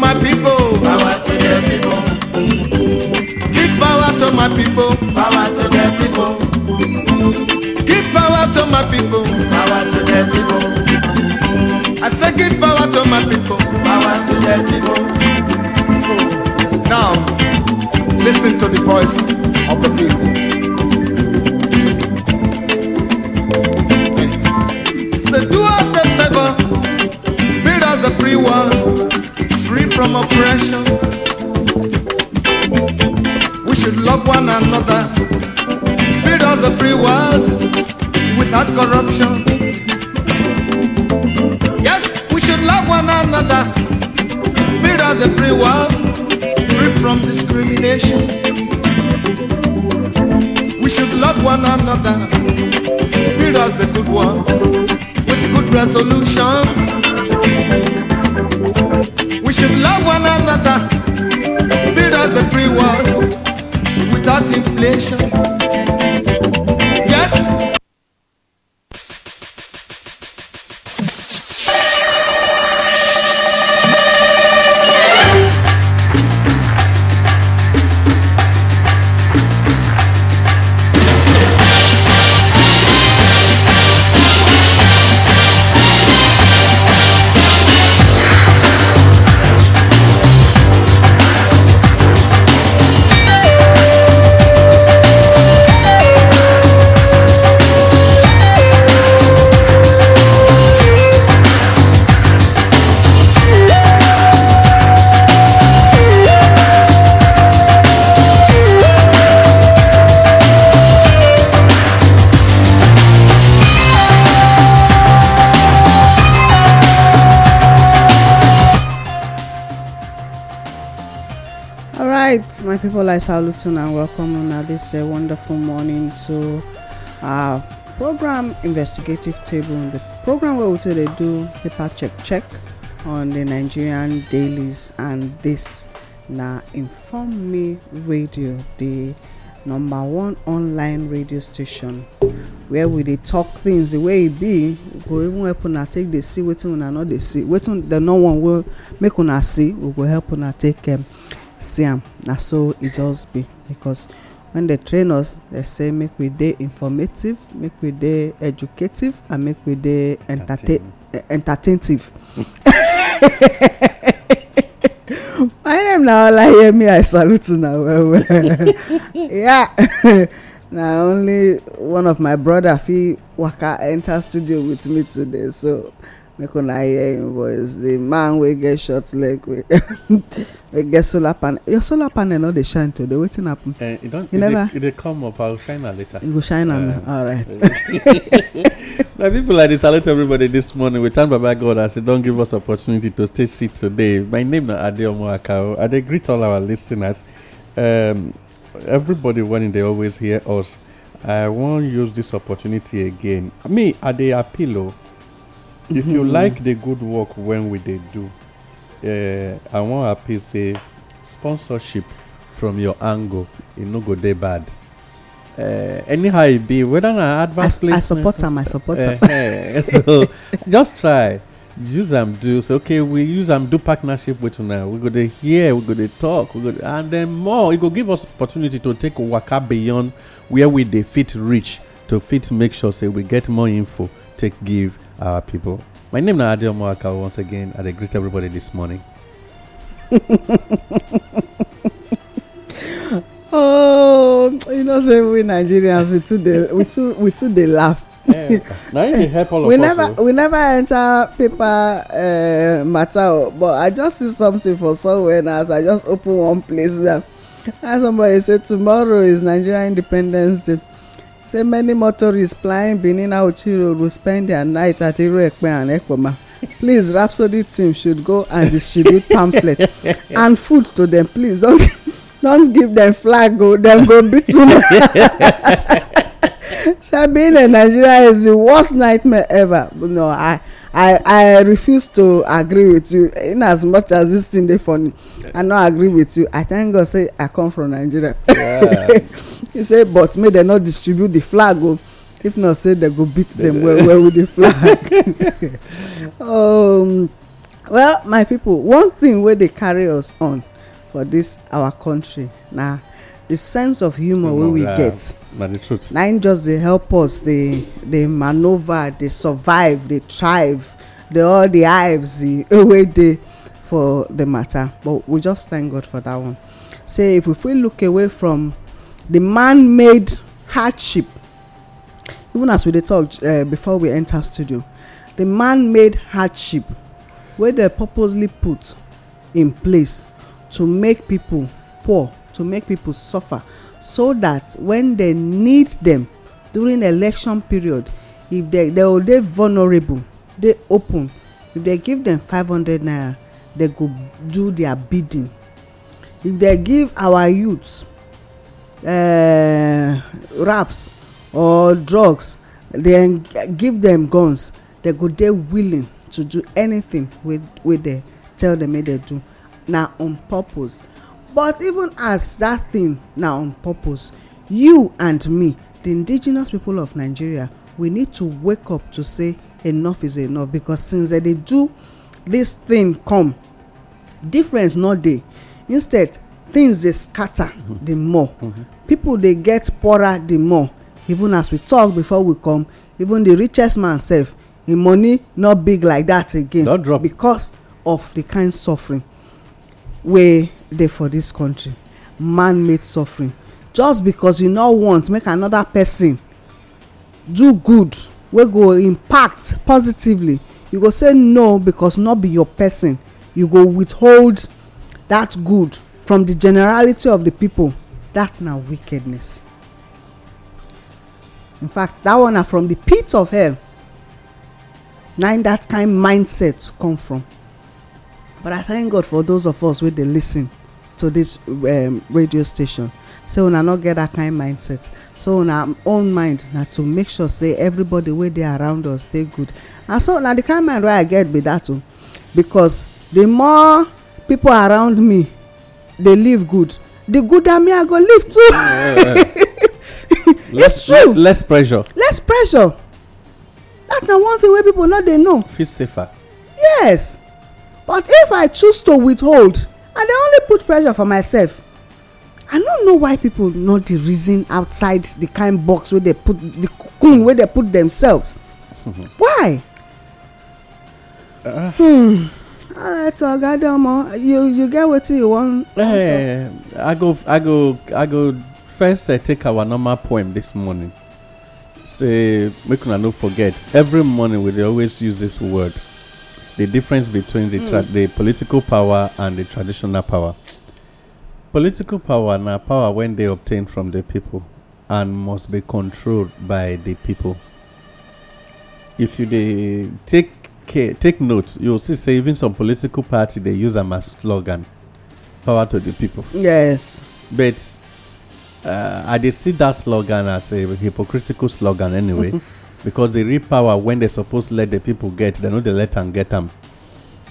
my people. Power to the people. Give power to my people. Power to the people. Give power to my people. Power to the people. I say give power to my people. Power to the people. So now, listen to the voice of the people. pressure. We should love one another. Build us a free world without corruption. Yes, we should love one another. Build us a free world free from discrimination. We should love one another. Build us a good one with good resolutions. We should love flecha my people i salute you and welcome una this uh, wonderful morning to our program investigative table the program where we today do paper check check on the nigerian dailies and this now inform me radio the number one online radio station where we dey talk things the way e be go even help una take dey see wetin una no dey see wetin dem no wan make una see we go help una take um, see am na so e just be because when dem train us dem say make we dey informative make we dey educative and make we dey entertainative my name na olayemi i salute una well well yeah na only one of my brother fit waka enter studio with me today so make una hear him voice the man wey get short leg wey get solar panel your solar panel no dey shine today wetin happen. Uh, e don e, e dey come up i go shine am later. you go shine am uh, right. my people i dey salute everybody this morning we thank baba god as he don give us opportunity to stay sit today my name na adeomo akao oh. i dey greet all our listeners um, everybody when dey always hear us i wan use this opportunity again me i dey appeal o. Oh if you mm-hmm. like the good work when we dey do uh, i wan appeal say sponsorship from your angle e no go dey bad uh, anyhow e be whether na advert I, i support am i support am uh, eh, so just try use am do say okay we use am do partnership with una we go dey hear we go dey talk we go dey and then more e go give us opportunity to take waka beyond where we dey fit reach to fit make sure say we get more info take give our uh, people. My name is Adio Moaka once again, and I greet everybody this morning. oh, you know, say we Nigerians, we too, they, we too, we too, they laugh. Yeah. we never oh. we never enter paper uh, matter oh, but i just see something for somewhere and as i just open one place there and somebody said tomorrow is nigeria independence day say many motorists plying benin auchi road will spend their night at iruepe and ekpoma please rhapsody team should go and distribute pamphlets and food to them please don't don't give them flag o oh, dem go beat una Say being a nigerian is the worst nightmare ever no i i i refuse to agree with you in as much as this thing dey funny i no agree with you i thank god say i come from nigeria he say but may dem no distribute the flag o oh. if not say dem go beat dem well well with the flag um, well my people one thing wey dey carry us on for this our country na the sense of humor wey we get na im just dey help us dey dey maneuver, dey survive dey thrive dey all the hives e, wey dey for the matter but we just thank god for that one say if we fit look away from the man-made hardship even as we dey talk eh, before we enter studio the man-made hardship wey dem purposely put in place to make people poor to make people suffer so that when they need them during election period if they they will dey vulnerable dey open if they give them five hundred naira they go do their bidding if they give our youths uh, raps or drugs then give them guns they go dey willing to do anything wey wey they tell them make they do na on purpose but even as that thing na on purpose you and me the indigenous people of nigeria we need to wake up to say enough is enough because since they dey do this thing come difference no dey instead things dey scatter mm-hmm. the more mm-hmm. people dey get poorer the more even as we talk before we come even the richest man sef him money no big like that again because of the kind suffering wey dey for dis country man made suffering just because you no want make another person do good wey go impact positively you go say no because no be your person you go withhold that good from the generality of the people that na wickedness in fact that one na from the pit of hell na in that kind mindset come from but i thank god for those of us wey dey lis ten to dis um, radio station so una no get that kind mindset so una own mind na to make sure say everybody wey dey around us dey good and so na the kind mind wey i get be that o because the more people around me dey live good the gooder me i go live too it's true less pressure less pressure that na one thing wey people no dey know feel safer yes but if i choose to withhold i dey only put pressure for myself i no know why people no dey reason outside the kind box wey dey put the cocoon wey dey put themselves why uh-huh. hmm All alright oga adeomo you you get wetin you wan eh i go i go i go first eh, take our normal poem this morning say make una no forget every morning we dey always use this word the difference between the, tra- mm. the political power and the traditional power. Political power now power when they obtain from the people and must be controlled by the people. If you they take care, take note, you'll see say even some political party they use them as slogan, power to the people. Yes. But uh, I did see that slogan as a hypocritical slogan anyway. because they real power when they suppose let the people get they no dey let am get them,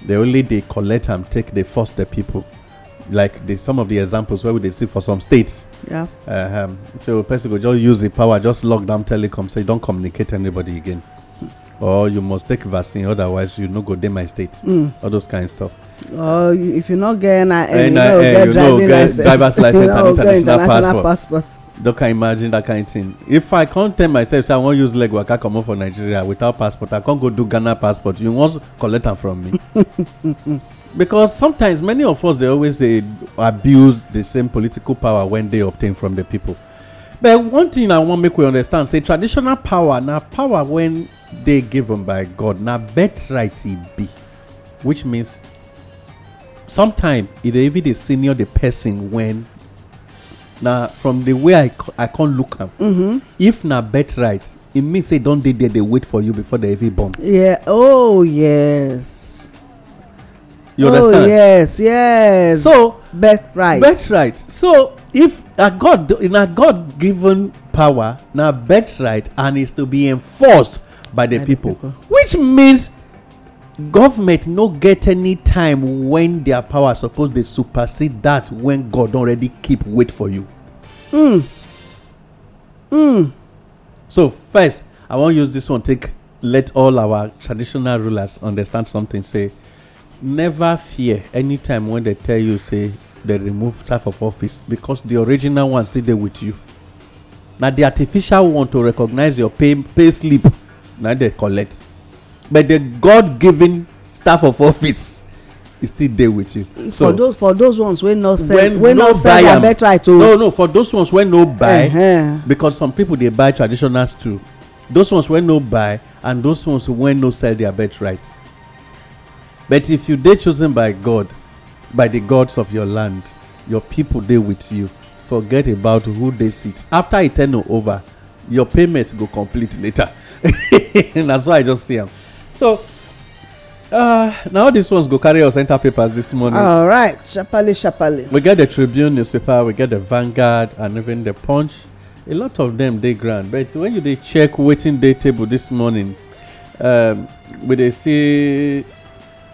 they only they collect them, take they force the people like the some of the examples where we dey see for some states yeah um, so person go just use the power just lock down telecom say don't communicate anybody again or you must take vaccine otherwise you no go dey my state mm. all those kind stuff or if you no get nirn you no get driving license you no go get international passport Don't can imagine that kind thing if i can't tell myself say i won't use leg waka comot for nigeria without passport i can't go do ghana passport you must collect them from me because sometimes many of us they always they abuse the same political power when they obtain from the people but one thing i wan make we understand say traditional power now power when they given by god na birthright e be which means sometimes it even the senior the person when na from the way i i con look am mm-hmm. if na birthright e mean say don dey there dey wait for you before dem even born yeah oh yes you oh, understand oh yes yes so right. birthright right. so if a god in a god given power na right, and is to be enforced by the people which means government no get any time when their power suppose dey supersede that when god don already keep wait for you mm. Mm. so first i wan use this one take let all our traditional rulers understand something say never fear anytime when they tell you say they remove staff of office because the original one still dey with you na the artificial one to recognize your pay pay slip na dey collect but the god-given staff of office is still there with you. so for those for those ones wey no sell wey no, no sell na better try to. no no for those ones wey no buy. Uh -huh. because some people dey buy traditionals too those ones wey no buy and those ones wey no sell their bet right but if you dey chosen by god by the gods of your land your people dey with you forget about who dey sit after e turn over your payment go complete later na so i just see am So, uh, now this ones go carry us enter papers this morning. All right, chapali, chapali. We get the Tribune newspaper, we get the Vanguard, and even the Punch. A lot of them they grand, but when you they check waiting day table this morning, um, we they see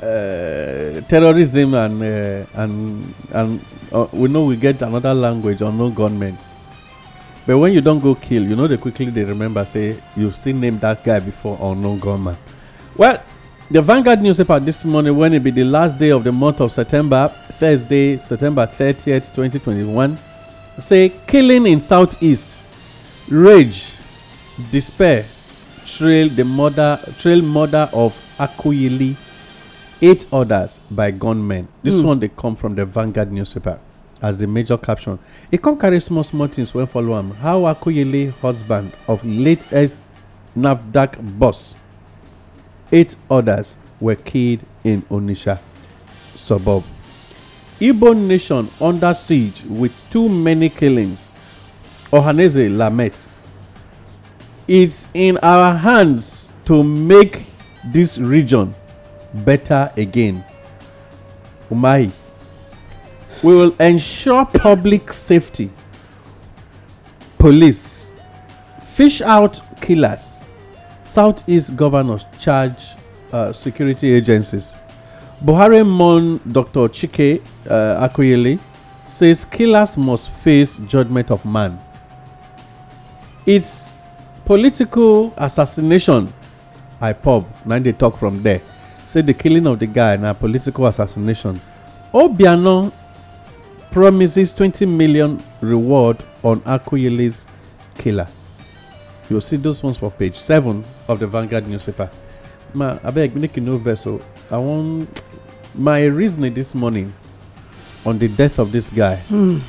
uh, terrorism and uh, and and uh, we know we get another language on no gunmen. But when you don't go kill, you know they quickly they remember say you still named that guy before or no gunman. Well, the Vanguard newspaper this morning, when it be the last day of the month of September, Thursday, September 30th, 2021, say killing in southeast, rage, despair, trail the murder, trail murder of Akuyili, eight others by gunmen. This mm. one they come from the Vanguard newspaper as the major caption. It can carry small small things when follow him. How Akuyili, husband of late S Navdak boss Eight others were killed in Onisha suburb. Igbo nation under siege with too many killings. Ohaneze laments. It's in our hands to make this region better again. Umai. We will ensure public safety. Police. Fish out killers Southeast governors charge uh, security agencies. Buhari Mon Dr. Chike uh, Akoyele says killers must face judgment of man. It's political assassination. I pub. now they talk from there. Say the killing of the guy now political assassination. Obiano promises 20 million reward on Akoyele's killer. You'll see those ones for page 7 of the Vanguard newspaper. Ma, I beg, make you no vessel. Oh. I want my reasoning this morning on the death of this guy. Hmm.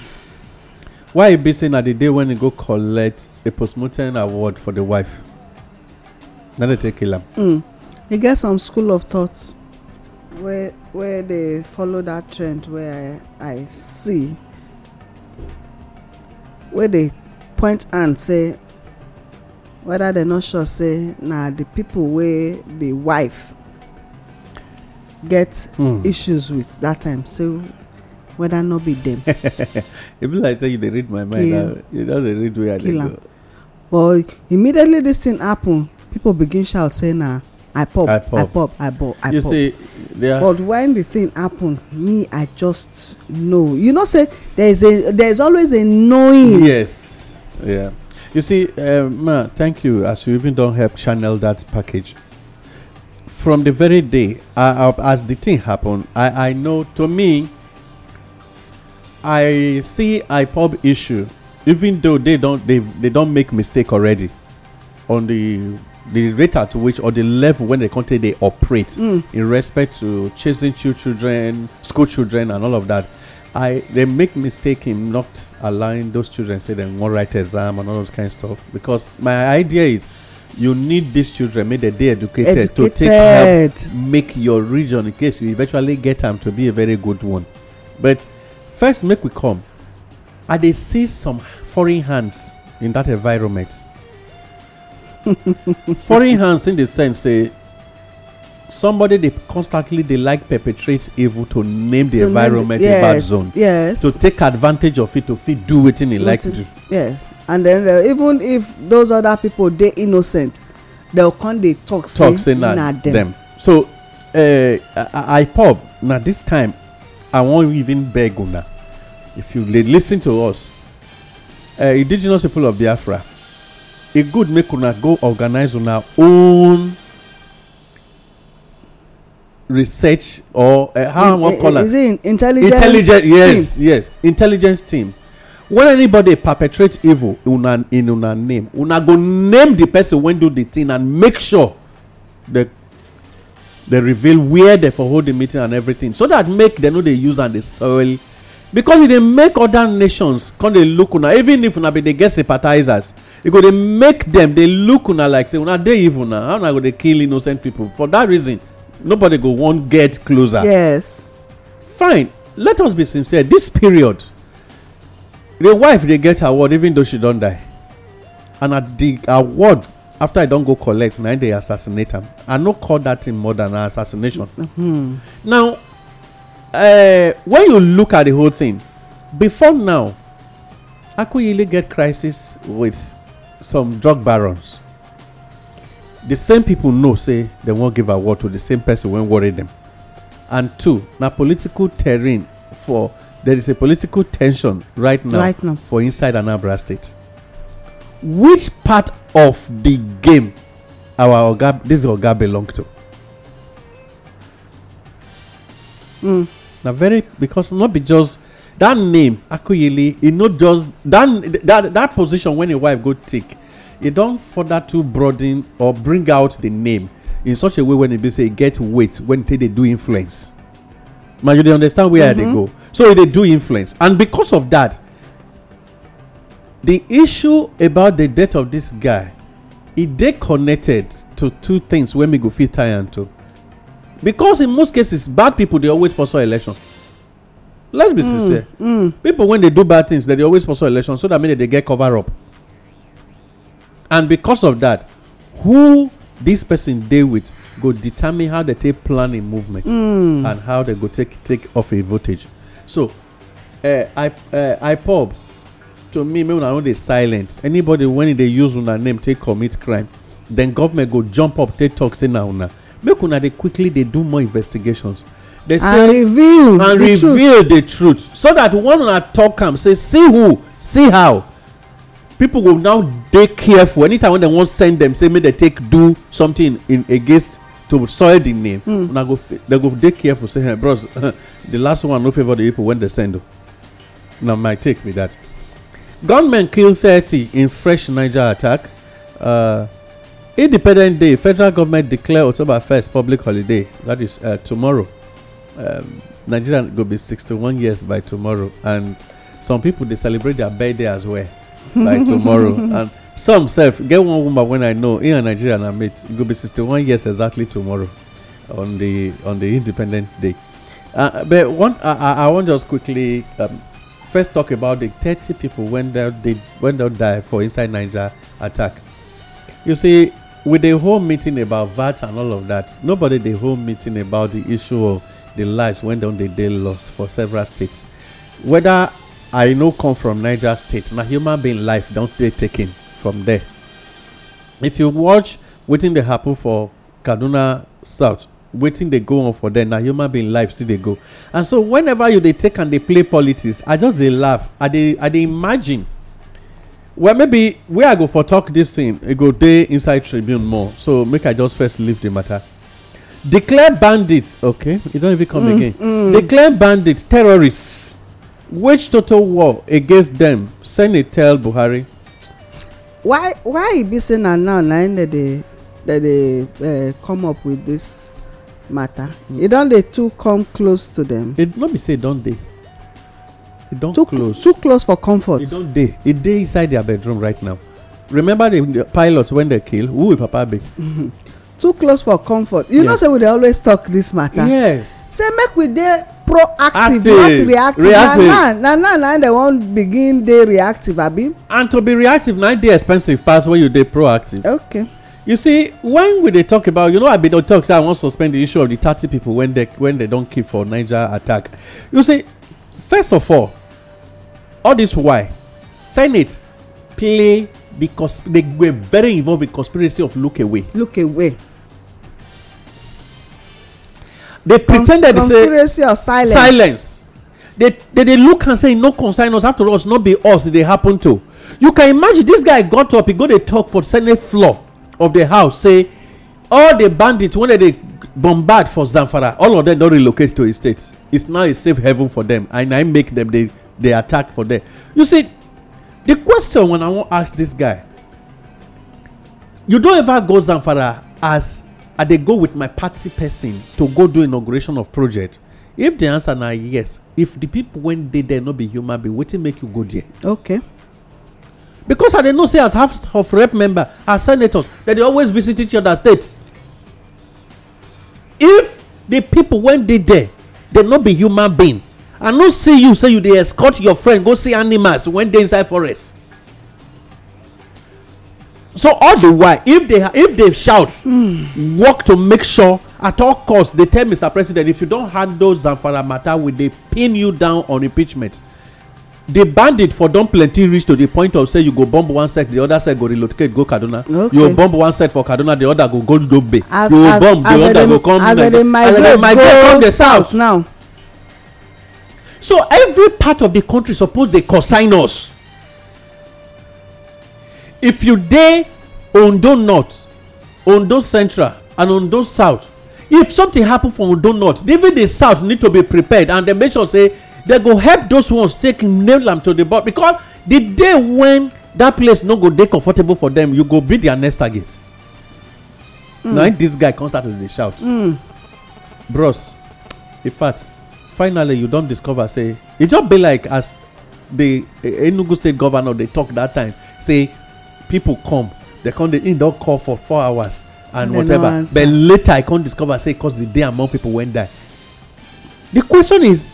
Why he be saying at the day when he go collect a postmortem award for the wife? Now they take kill him. Mm. They get some school of thoughts where where they follow that trend where I, I see where they point and say whether they no sure say na the people wey the wife get hmm. issues with that time so whether no be them. e be like say you dey read my mind you don dey read where i dey go but immediately this thing happen people begin shout say na i pop i pop i pop i pop You see, but when the thing happen me i just know you know say there is a there is always a knowing yes yeah You see, um, ma. thank you, as you even don't help channel that package. From the very day, I, I, as the thing happened, I, I know to me, I see IPOB issue, even though they don't they, they don't make mistake already on the the rate at which or the level when the country they operate mm. in respect to chasing children, school children, and all of that. I they make mistake in not allowing those children say they won't write exam and all those kind of stuff because my idea is you need these children make them they educated, educated, to take help make your region in case you eventually get them to be a very good one. But first make we come. I they see some foreign hands in that environment. foreign hands in the sense say somebody they constantly they like perpetrate evil to name the to environment name yes, a bad zone. Yes. To take advantage of it to fit do it in a like to. Yes. And then uh, even if those other people they innocent, they'll come they talk, talk say, na, them. them. So uh, I, I pub now this time I won't even beg una. If you listen to us, uh, indigenous people of Biafra, it e good make una go organize una own research or uh, how in, one call is it intelligence intelligence team. yes yes intelligence team when anybody perpetrates evil una in una name una go name the person when do the thing and make sure the they reveal where they for hold the meeting and everything so that make they know they use and dey soil because if they make other nations come they look una even if una be dey get sympathizers e go they make them they look una like say una they evil na how una go dey kill innocent people for that reason nobody go wan get closer yes fine let us be sincere This period the wife they get award even though she don't die and at the award after i don't go collect na im dey assassinate am i no call dat thing more than assassination mm-hmm. now uh, when you look at the whole thing before now akuyele get crisis with some drug barons the same people know say they won't give award to the same person wey worry them. and two now political terrain for there is a political tension right now right now for inside anambra state which part of the game our oga this oga belong to mm. na very because not be just that name akuyele e no just that that that position when a wife go take e don further to broaden or bring out the name in such a way when e be say e get weight when e dey do influence ma you dey understand where i dey mm-hmm. go so e dey do influence and because of that the issue about the death of this guy e dey connected to two things wey me go fit tie am to because in most cases bad people dey always sponsor election let's be mm, sincere mm. people when dey do bad things dem dey always sponsor election so that make dem dey get cover up and because of that who this person deal with go determine how they take plan a movement mm. and how they go take take off a voltage so uh, i uh, eh, ipob to me make una no dey silent anybody when e dey use una name take commit crime then government go jump up take talk say na una make una dey quickly dey do more investigations they say and reveal and the reveal truth. the truth so that one una talk am say see who see how people go now dey careful anytime when dem wan send dem say make dem take do something in against to soil the name hmm. una go dem go dey careful say hey bros the last one no favour the people when dem send o oh. na my take be that gunmen kill thirty in fresh niger attack uh, independent day federal government declare october first public holiday that is uh, tomorrow um, nigeria go be sixty-one years by tomorrow and some people dey celebrate their birthday as well like tomorrow and some self get one woman when i know here in nigeria I i it go be 61 years exactly tomorrow on the on the independent day uh, but one i i want just quickly um, first talk about the 30 people when they, went when they die for inside niger attack you see with the whole meeting about VAT and all of that, nobody the whole meeting about the issue of the lives went on the day lost for several states. Whether i no come from niger state na human being life don dey taken from there if you watch wetin dey happen for kaduna south wetin dey go on for there na human being life still dey go and so whenever you dey take and dey play politics i just dey laugh i dey i dey imagine well maybe where i go for talk this thing e go dey inside tribune more so make i just first leave the matter declare bandits okay You don't even come mm, again mm. declare bandits terrorists wage total war against dem senate tell buhari why why e be say na now na im dey dey dey come up with dis matter e don dey too come close to dem no be say e don dey e don close too close for comfort e don dey e dey inside their bedroom right now remember the pilot wey dem kill who be papa be too close for comfort you know say we dey always talk this matter yes say make we dey proactive not reactive na now na now dem wan begin dey reactive abi and to be reactive na dey expensive pass when you dey proactive okay. you see when we dey talk about you know i bin don talk say i wan suspend the issue of the thirty people when they when they don kill for niger attack you see first of all all this why senate play the cons they were very involved in conspiracy of look away. look away they pre ten ded say conspiracy of silence silence they they dey look and say e no concern us after us no be us e dey happen to you can imagine this guy got up He go dey talk for senate floor of the house say all the bandits wey dey bombard for zamfara all of them don relocate to a state its now a safe haven for them. and na im make dem dey attack for there. you see the question when i wan ask this guy you don ever go zamfara as i dey go with my party person to go do inauguration of project if the answer na yes if the people wey dey there no be human being wetin make you go there. okay. because i dey know say as half of rep member as senators dem dey always visit each other state if the people wey dey there dem no be human being i no see you say you dey escort your friend go see animals wey dey inside forest so all the while if they if they shout mm. work to make sure at all costs they tell mr president if you don handle zamfara matter we dey pin you down on impeachment the bandit for don plenty reach to the point of say you go bomb one set the other set go relocate go kaduna okay. you go bomb one set for kaduna the other go go dobe you go bomb the other go come as dem migrate go come the south now so every part of the country suppose dey consign us if you dey ondo north ondo central and ondo south if something happen for ondo north even the south need to be prepared and dem make sure say dem go help those ones take nail am to the board because the day when that place no go dey comfortable for them you go be their next target mm. na this guy come start to dey shout mm. bros in fact finally you don discover say e just be like as the enugu state governor dey talk that time say people come they come dey him don call for four hours and whatever but later i come discover say cause the day among people wen die the question is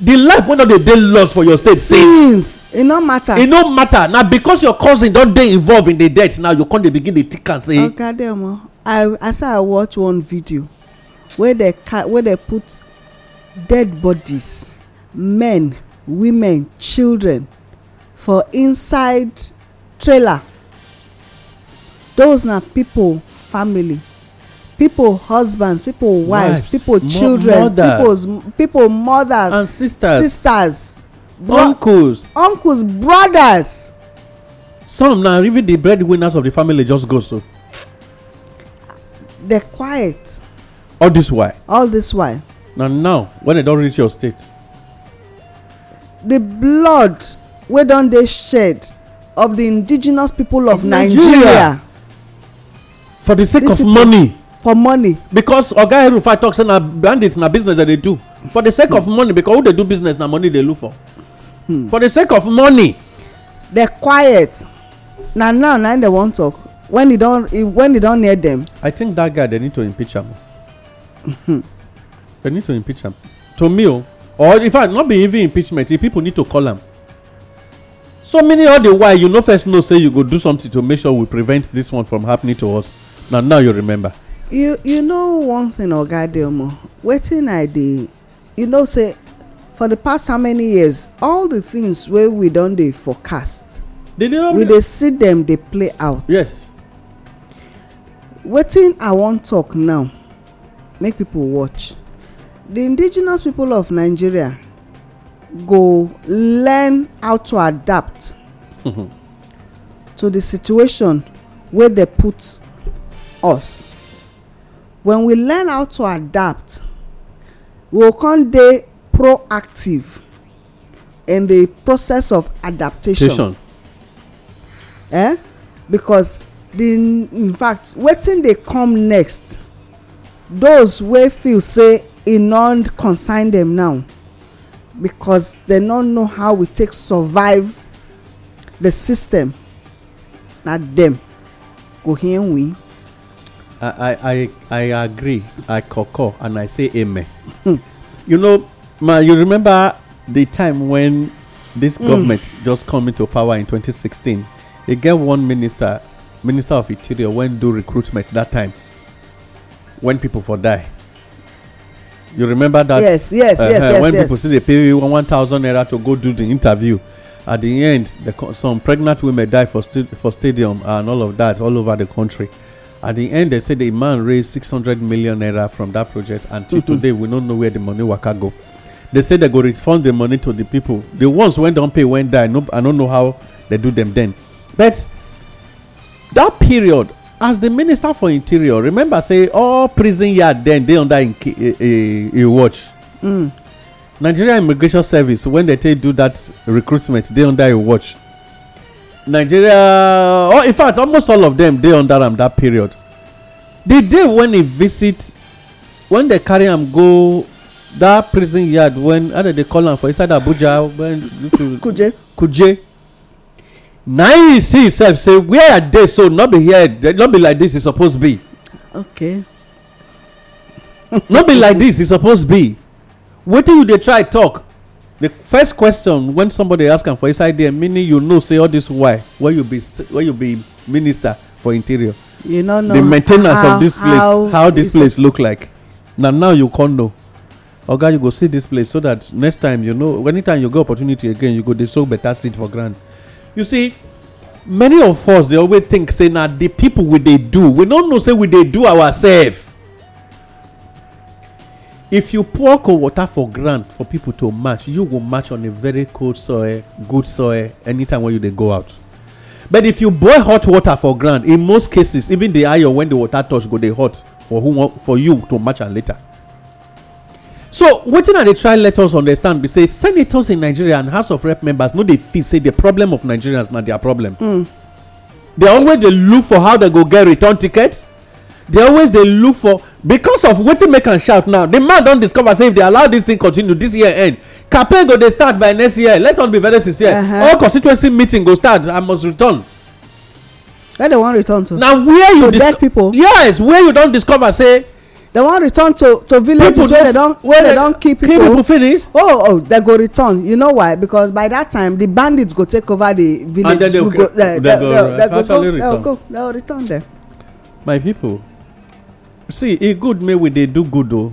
the life wey don dey dey lost for your state since e no matter e no matter na because your cousin don dey involved in the death now you come dey begin dey think am say. okadeomo oh, i as i watch one video wey dey wey dey put dead bodies men women children for inside trailer those na people family people husbands people wives, wives people children mother. people's people mothers and sisters sisters uncles uncles brothers some na even the breadwinners of the family just go so dey quiet all this why? all this why? na now when e don reach your state the blood wey don dey shed of the indigenous people of nigeria for the sake of money for money because oga erufai tok say na bandit na business dem dey do for the sake of money because who dey do business na money dey look for for the sake of money dey quiet na now na im dey wan tok when e don near dem i think dat guy dem need to impeach am dem hmm. need to impeach am to me o oh, or in fact not be even impeachment if pipo need to call am so many all the while you no first know say you go do something to make sure we prevent this one from happening to us now now you remember you you know one thing oga delmo wetin i dey you know say for the past how many years all the things wey we don dey forecast we dey see dem dey play out yes wetin i wan talk now make people watch the indigenous people of nigeria go learn how to adapt mm-hmm. to the situation wey dey put us when we learn how to adapt we go come dey proactive in the process of adaptation eh because the in fact wetin dey come next those wey feel say e no concern dem now because they no know how we take survive the system na them. go hear we. I, I, I, I agree. I concur and I say amen. Hmm. you know, ma, you remember the time when this mm. government just come into power in 2016. Again, one minister, minister of interior, went do recruitment that time when people for die. You remember that? Yes, yes, uh, yes, uh, uh-huh. yes. When yes. people see they pay one one thousand naira to go do the interview, at the end, the, some pregnant women die for stu- for stadium and all of that all over the country. At the end, they say the man raised 600 million naira from that project, and till mm-hmm. today, we don't know where the money waka go. They say they go refund the money to the people. The ones when don't pay when die. No, I don't know how they do them then. But that period, as the minister for interior, remember say all prison yard then they under in, a, a, a watch. Mm. Nigeria Immigration Service when they take do that recruitment, they under a watch nigeria oh in fact almost all of them, dey under am that period di day when e visit when they carry am go that prison yard When how they dey call am for inside abuja when kuje kuje na he see himself say where i dey so no be here no be like this. e suppose be okay no be like this. e suppose be wetin you dey try talk the first question when somebody ask am for inside there meaning you know say all this why when you be when you be minister for interior you no know the maintenance of this place how this place look like na now you con know oga you go see this place so that next time you know anytime you get opportunity again you go dey sow better seed for ground you see many of us dey always think say na the people we dey do we no know say we dey do ourselves if you pour cold water for ground for people to match you go match on a very cold soil good soil anytime when you dey go out but if you boil hot water for ground in most cases even the iron when the water touch go dey hot for who for you to match am later so wetin i dey try let us understand be say senators in nigeria and house of rep members no dey feel say the problem of nigerians na their problem mm. they always dey look for how they go get return ticket they always dey look for because of wetin make am shout now the man don discover say if they allow this thing continue this year end campaign go dey start by next year let's not be very sincere uh-huh. all constituency meeting go start I must return where dem wan return to na where you to beg people yes where you don discover say dem wan return to to villages where they don kill people people finish oh oh they go return you know why because by that time the bandits go take over the village and they go eh, go They They They They go. go. go. go. return dem my people see e good make we dey do good o oh.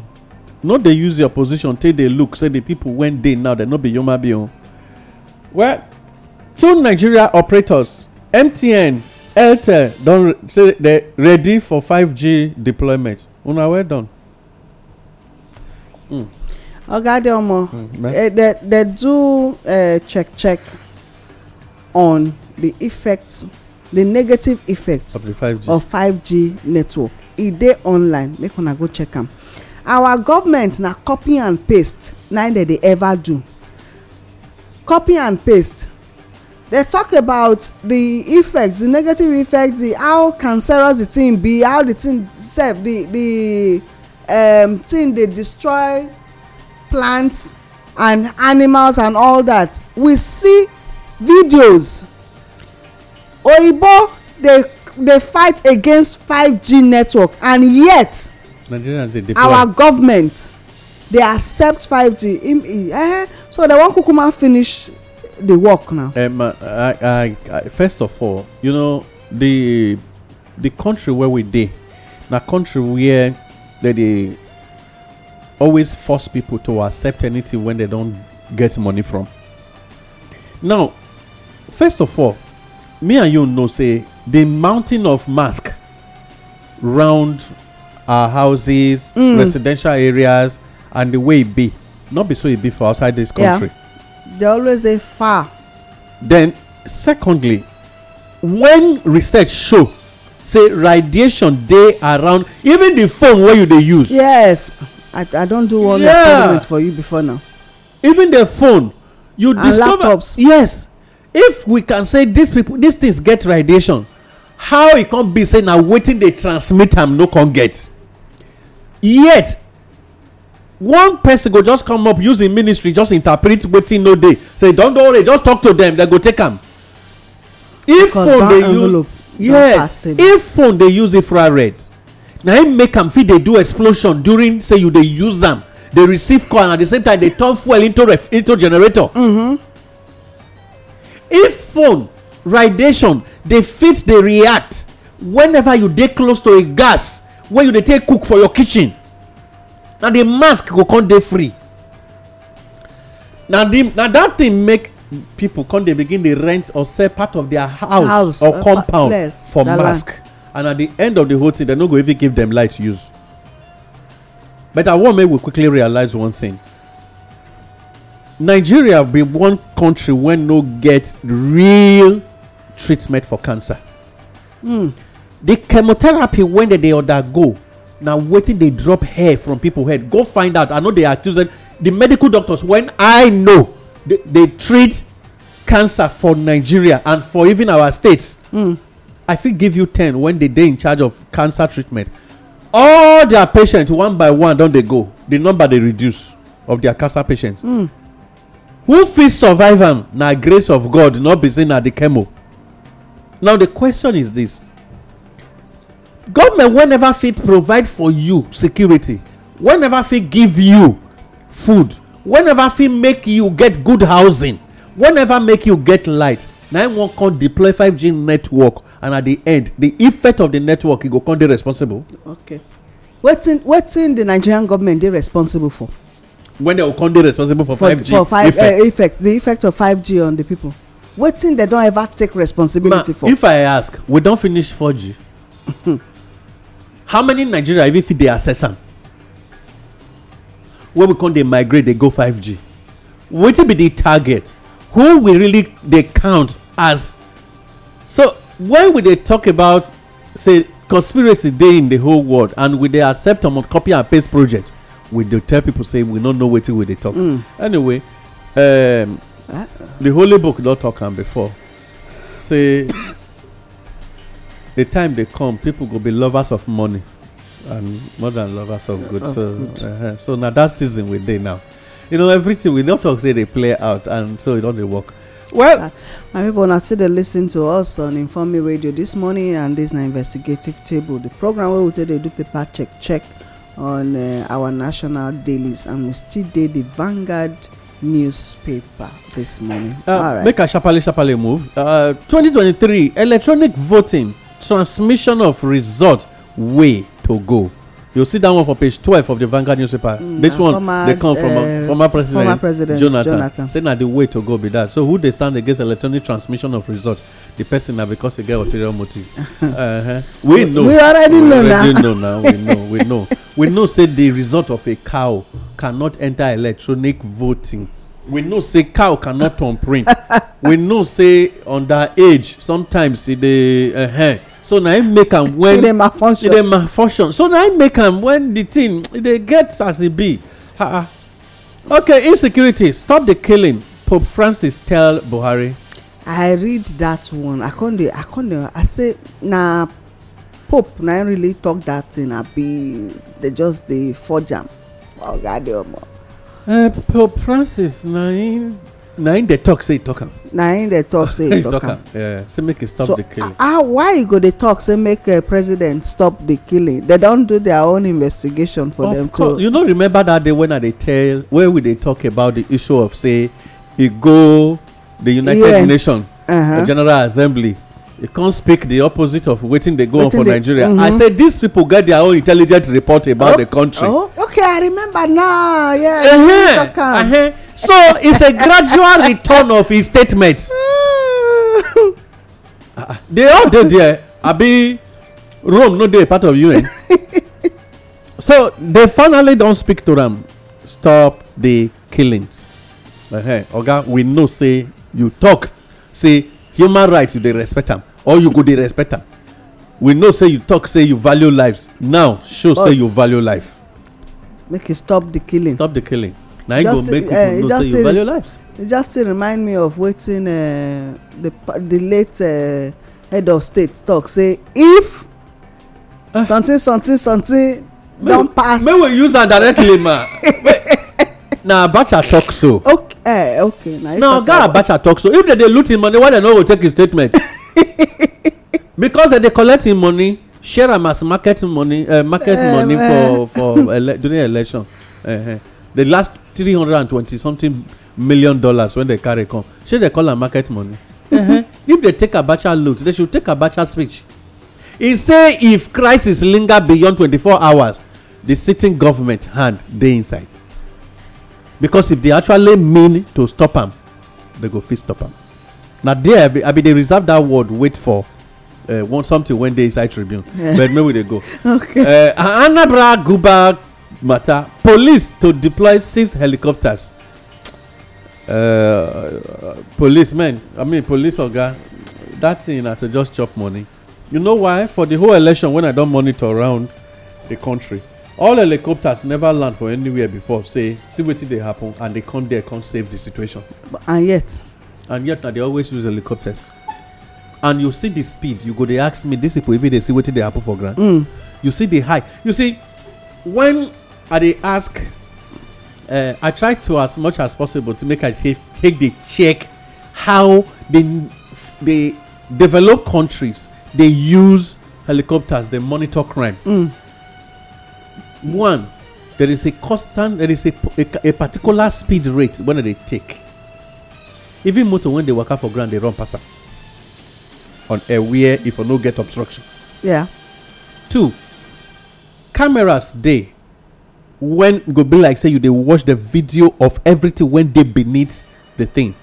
no dey use your position take dey look say the people wen dey now dem no be human being oh. well two nigeria operators mtn airtel don say dem ready for 5g deployment una well done hmm. oga adeomo they hmm, eh, do eh, check check on the effect the negative effect of 5g network e dey online make una go check am our government na copy and paste na im dem dey ever do copy and paste dey talk about the effects the negative effects the how cancerous the thing be how the thing sef the the um, thing dey destroy plants and animals and all that we see videos oyibo dey dey fight against 5g network and yet our government dey accept 5g im eh so dem wan kukuma finish the work now Um, I, I, I, first of all you know the the country where we dey na country where dem dey always force people to accept anything when dem don get money from now first of all me and you know say the mountain of mask round our houses mm. residential areas and the way e be not be so e be for outside this country yeah. they always dey far then secondly when research show say radiation dey around even the phone wey you dey use yes i i don do one yeah. experiment for you before now even the phone you and discover laptops. yes if we can say these people these things get radiation how e come be say na wetin dey transmit am no come get yet one person go just come up use im ministry just interpret wetin no dey say don don worry just talk to dem dem go take am if phone dey use yes if phone dey use infrared na im make am fit dey do explosion during say you dey use am dey receive call and at the same time dey turn fuel into into generator mm-hmm. if phone radiation dey fit dey react whenever you dey close to a gas wey you dey take cook for your kitchen na the mask go come dey free na the na that thing make people come dey begin dey rent or sell part of their house, house or uh, compound place, for mask land. and at the end of the whole thing they no go even give them light use but i wan make we quickly realize one thing nigeria be one country wey no get real treatment for cancer hmm. the chemotherapy when dem they undergo Now, waiting they drop hair from people head go find out i know they accuse them the medical doctors when i know they treat cancer for nigeria and for even our states hmm. i feel give you 10 when dey dey in charge of cancer treatment all their patients one by one don't they go the number they reduce of their cancer patients hmm. who fit survive am na grace of god not be say na the chemo now the question is this government wey never fit provide for you security whenever never fit give you food whenever never fit make you get good housing whenever make you get light na im wan come deploy 5g network and at the end the effect of the network e go come dey responsible okay wetin wetin di nigerian government dey responsible for when dem go come dey responsible for 5g for five eh, effect The effect of 5g on di pipo wetin dem don ever take responsibility Ma, for. if i ask we don finish 4g how many nigeria even fit dey access am wey we come dey migrate dey go 5g wetin be di target who we really dey count as so when we dey talk about say conspiracy dey in the whole world and we dey accept on copy and paste project we dey tell people say we no know wetin we dey talk mm. anyway um, the holy book don talk am before say the time dey come people go be lovers of money and more than lovers of good so uh, so na that season we dey now you know everything we don talk say dey play out and so e don dey work well uh, my people na still dey listen to us on informe radio this morning and dis an investigative table The program we we take they do paper check check on uh, our national dailies and we still did the vanguard newspaper this morning. Uh, All right. Make a sharply, sharply move. Uh, 2023 electronic voting transmission of result way to go. You'll see that one for page 12 of the Vanguard newspaper. Mm, this one, former, they come from uh, former president, former president Jonathan, Jonathan. Saying that the way to go be that. So, who they stand against electronic transmission of result? The person that because they get ulterior motive. uh-huh. we, know. We already we know already now. Know now. we know. We know. we know, say the result of a cow cannot enter electronic voting. we know say cow cannot turn print we know say under age sometimes e dey uh -huh. so na im make am when e dey malfunction e dey malfunction so na im make am when the thing e dey get as e be ha ha okay insecurity stop the killing pope francis tell buhari. i read that one i con dey i con dey i say na pope na really talk that thing abi dey just dey forge am oga dey omo. Eh, pope francis na him na him dey talk say he talk am na him dey talk say he talk am yeah say make he stop the killing so ah, why you go dey talk say make eh, president stop the killing They don do their own investigation for dem too you no remember that day when i dey tell where we dey talk about the issue of say e go the united nations the uh-huh. general assembly e come speak the opposite of wetin dey go on for nigeria i mm-hmm. say these people get their own intelligent report about the oh, country oh, i remember now yeah uh -huh, uh -huh. so it's a gradual return of his statement they all dey there abi rome no dey part of un eh? so they finally don speak to am stop the killings uh -huh. we know say you talk say human rights you dey respect am or you go dey respect am we know say you talk say you value lives now show say you value life make e stop the killing stop the killing na e go make people eh, know say you value lives e just still remind me of wetin eh, the the late eh, head of state talk say if ah. something something something don pass May we use am directly ma na abacha talk so okay okay na oga abacha talk so if dem dey loot him money why dem no go take his statement because dem dey collect him money share am as market money uh, market um, money eh. for for ele during election uh-huh. the last three hundred and twenty something million dollars when they carry come shey they call am market money uh-huh. if they take abacha load they should take abacha speech e say if crisis linger beyond twenty-four hours the sitting government hand dey inside because if they actually mean to stop am they go fit stop am na there i be i be dey reserve that word wait for Uh, want something when they inside tribune but maybe we dey go uh, anambra guba matter police to deploy six helicopters Uh, policemen i mean police oga That thing na to just chop money you know why for the whole election when i don monitor around the country all helicopters never land for anywhere before say see wetin dey happen and they come there come save the situation and yet and yet na they always use helicopters and you see the speed you go dey ask me dis people even they see wetin dey happen for ground mm. you see the high you see when i dey ask eh, i try to as much as possible to make i take dey check how the developed countries dey use helicopters dey monitor crime mm. one there is a constant there is a a particular speed rate wey dem dey take even motor wey dey waka for ground dey run pass am on air where if you no get obstruction yeah two cameras dey when go be like say you dey watch the video of everything when dey beneath the thing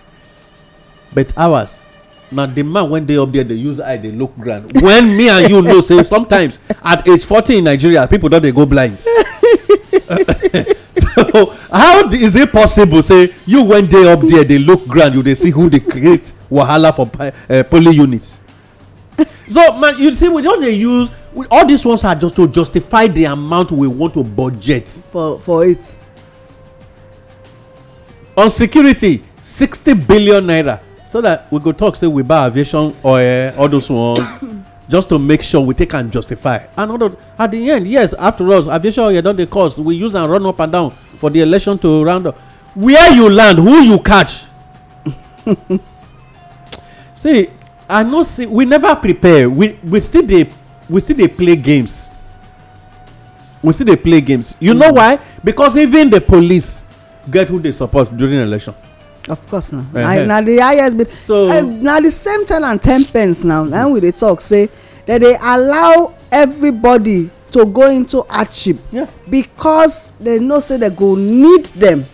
but ours na the man when dey up there dey use eye dey look ground when me and you know say sometimes at age forty in nigeria people don dey go blind so how is it possible say you when dey up there dey look ground you dey see who dey create wahala for eh, polling units so man you see we don dey use we, all these ones are just to justify the amount we want to budget. for for it. on security sixty billion naira so that we go talk say we buy aviation oil all those ones just to make sure we take and justify and all at the end yes after all aviation oil don dey cost we use am run up and down for the election to round up where you land who you catch see i know say we never prepare we we still dey we still dey play games we still dey play games you know why because even the police get who dey support during election of course na na the highest bid eh, na the same ten and ten pence now na we dey talk say dem dey allow everybody to go into hardship because dem know say dem go need dem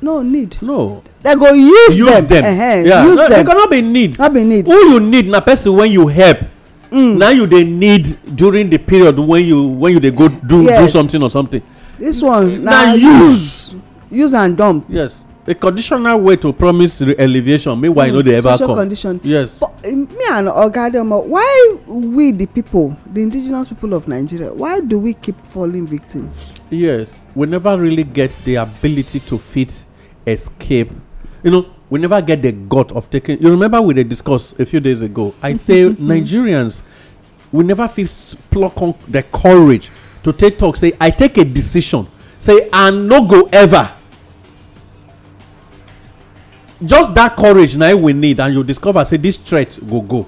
no, need. no they go use dem use dem uh-huh. yeah. use no, dem no be need Not be need who you need na person wey you help. Mm. na you dey need during the period when you when you dey go do yes. do something or something. this one na, na use use and dump. yes a conditional way to promise elevation, meanwhile mm, no dey ever come condition yes but eh, me and oga adeomo why we the people the indigenous people of nigeria why do we keep falling victim. yes we never really get the ability to fit escape you know we never get the gut of taking you remember we dey discuss a few days ago i say nigerians we never fit pluck on the courage to take talk say i take a decision say i no go ever just that courage na e we need and you discover say this threat go go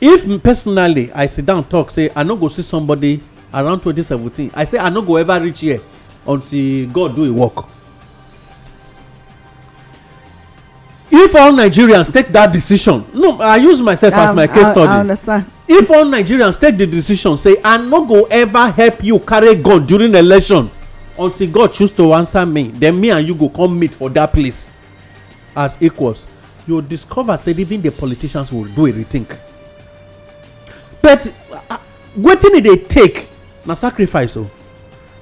if personally i sit down talk say i no go see somebody around 2017 i say i no go ever reach here until god do a e work if all nigerians take that decision no i use myself um, as my um, case I, study I understand. if all nigerians take the decision say i no go ever help you carry gun during election until god choose to answer me then me and you go come meet for that place as equals you discover say even the politicians will do a rethink but uh, wetin e dey take na sacrifice o oh.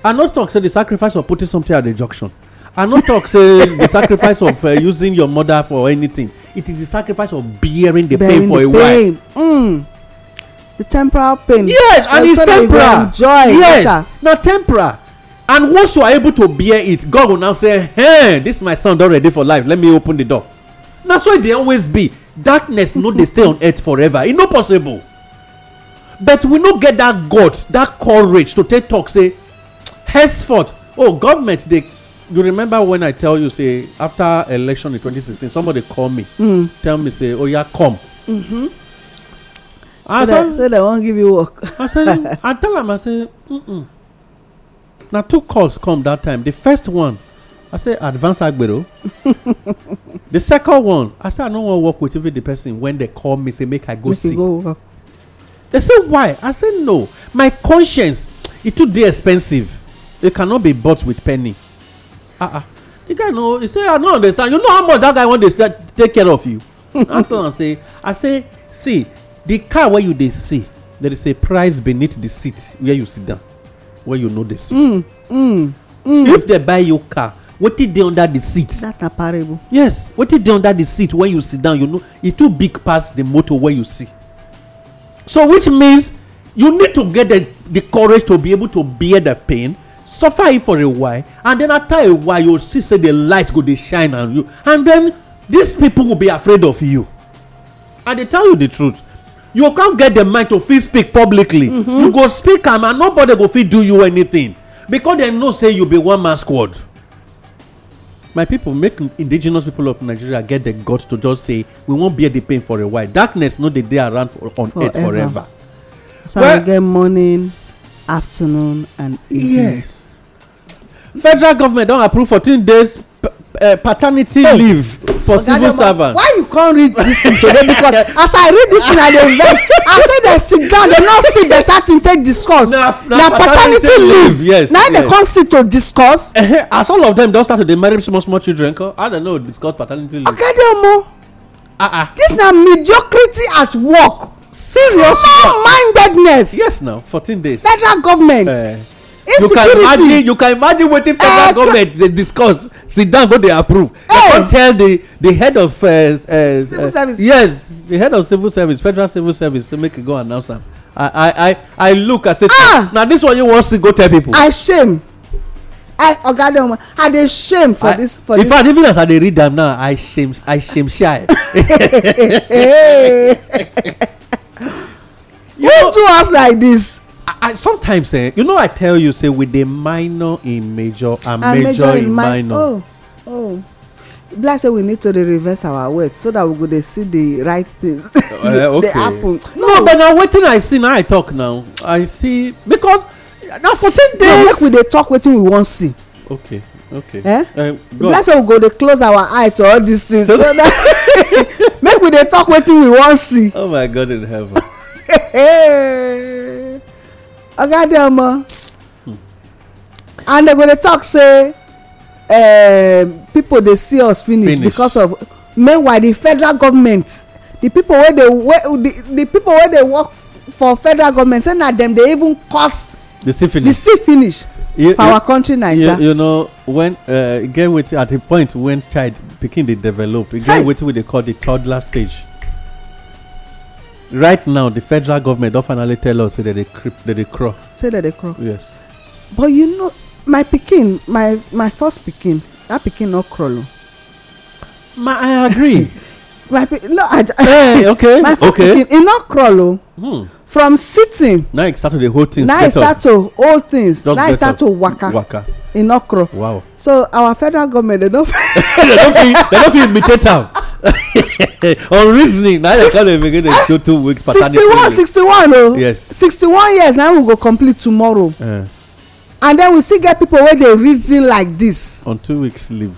i no talk say the sacrifice of putting something at the junction i no talk say the sacrifice of uh, using your mother for anything it is the sacrifice of bearing the bearing pain for the a pain. while. Mm. the temporal pain. yes and it's temporal yes na temporal and once you are able to bear it god will now say hey this my son don ready for life let me open the door na so e dey always be darkness no dey stay on earth forever e no possible but we no get that guts that courage to take talk say henceforth oh government dey you remember when i tell you say after election in 2016 somebody call me hmm. tell me say oya come mm-hmm. i say say dem wan give you work i tell am i say mm mm na two calls come that time the first one i say advance agbero the second one i say i no wan work with even the person when they call me say make i go make see go they say why i say no my conscience e too dey expensive It cannot be bought with penny ah uh ah -uh. the guy no he say i no understand you know how much that guy wan dey take care of you i tell am say i say see the car wey you dey see there is a price beneath the seat where you sit down wey you no dey see if dem buy you car wetin dey under the seat that na parable yes wetin dey under the seat when you sit down you know e too big pass the motor wey you see so which means you need to get the, the courage to be able to bear the pain suffer it for a while and then after a while you see say the light go dey shine on you and then these people go be afraid of you i dey tell you the truth you come get the mind to fit speak publicly mm-hmm. you go speak am and nobody go fit do you anything because dem know say you be one man squad my people make indigenous people of nigeria get the guts to just say we wan bear the pain for a while darkness no dey dey around on earth forever so i get morning afternoon and evening yes federal government don approve fourteen days uh, paternity hey. leave for civil servant. why you come read this thing today because as i read this thing i dey vex i say dem sit down dem no see better thing take discuss na, na, na paternity, paternity leave, yes, na yes. dem come sit to discuss. Uh eh, -huh. Eh, as all of dem don start to dey marry small small children ko how dem no discuss paternity leave. akade omo uh ah, -uh. Ah. this na mediocrity at work serious small mindedness. yes na fourteen days. federal government. Uh eh. -huh insecurity you can imagine you can imagine wetin federal uh, government dey discuss sit down go dey approve hey. dem eh. come tell the the head of uh, uh, civil uh, service yes the head of civil service federal civil service say make e go announce am i i i i look i say ah na this one you wan see go tell people. i shame i oga dem i dey shame for I, this for in this. fact even as i dey read am now i shame i shame shy. you who do us like this. I sometimes eh, you know I tell you say with a minor in major and, major, major in minor. Oh, oh. like say we need to reverse our words so that we go dey see the right things uh, okay. dey happen. no, no but na wetin i see na i talk now i see because na fourteen days. no make we dey talk wetin we wan see. okay okay. Eh? Um, eh, like say we go dey close our eye to all these things so that make we dey talk wetin we wan see. oh my god in heaven. oga dem and dem go dey talk say eh, pipo dey see us finish because of meanwhile di federal government di pipo wey dey work for federal government say na dem dey even cause di sea finish for our country naija you know when eh, get wetin at di point when child pikin dey develop e get wetin we dey call di toddler stage right now the federal government don finally tell us say dem dey creep dem dey crawl. say dem dey crawl. yes. but you know my pikin my my first pikin that pikin no crawl o. ma i agree. my pikin no i. Hey, eh, okay my first okay. pikin e no crawl o. Hmm. from sitting. now e start to dey hold things now e start to hold things Just now e start to waka. waka e no crawl. wow. so our federal government dey no fit. dey no fit dey no fit imitate am. on reasoning na dem come dey dey go two weeks paternity leave sixty one o yes sixty one years na we go complete tomorrow uh. and then we still get people wey dey reason like this. on two weeks leave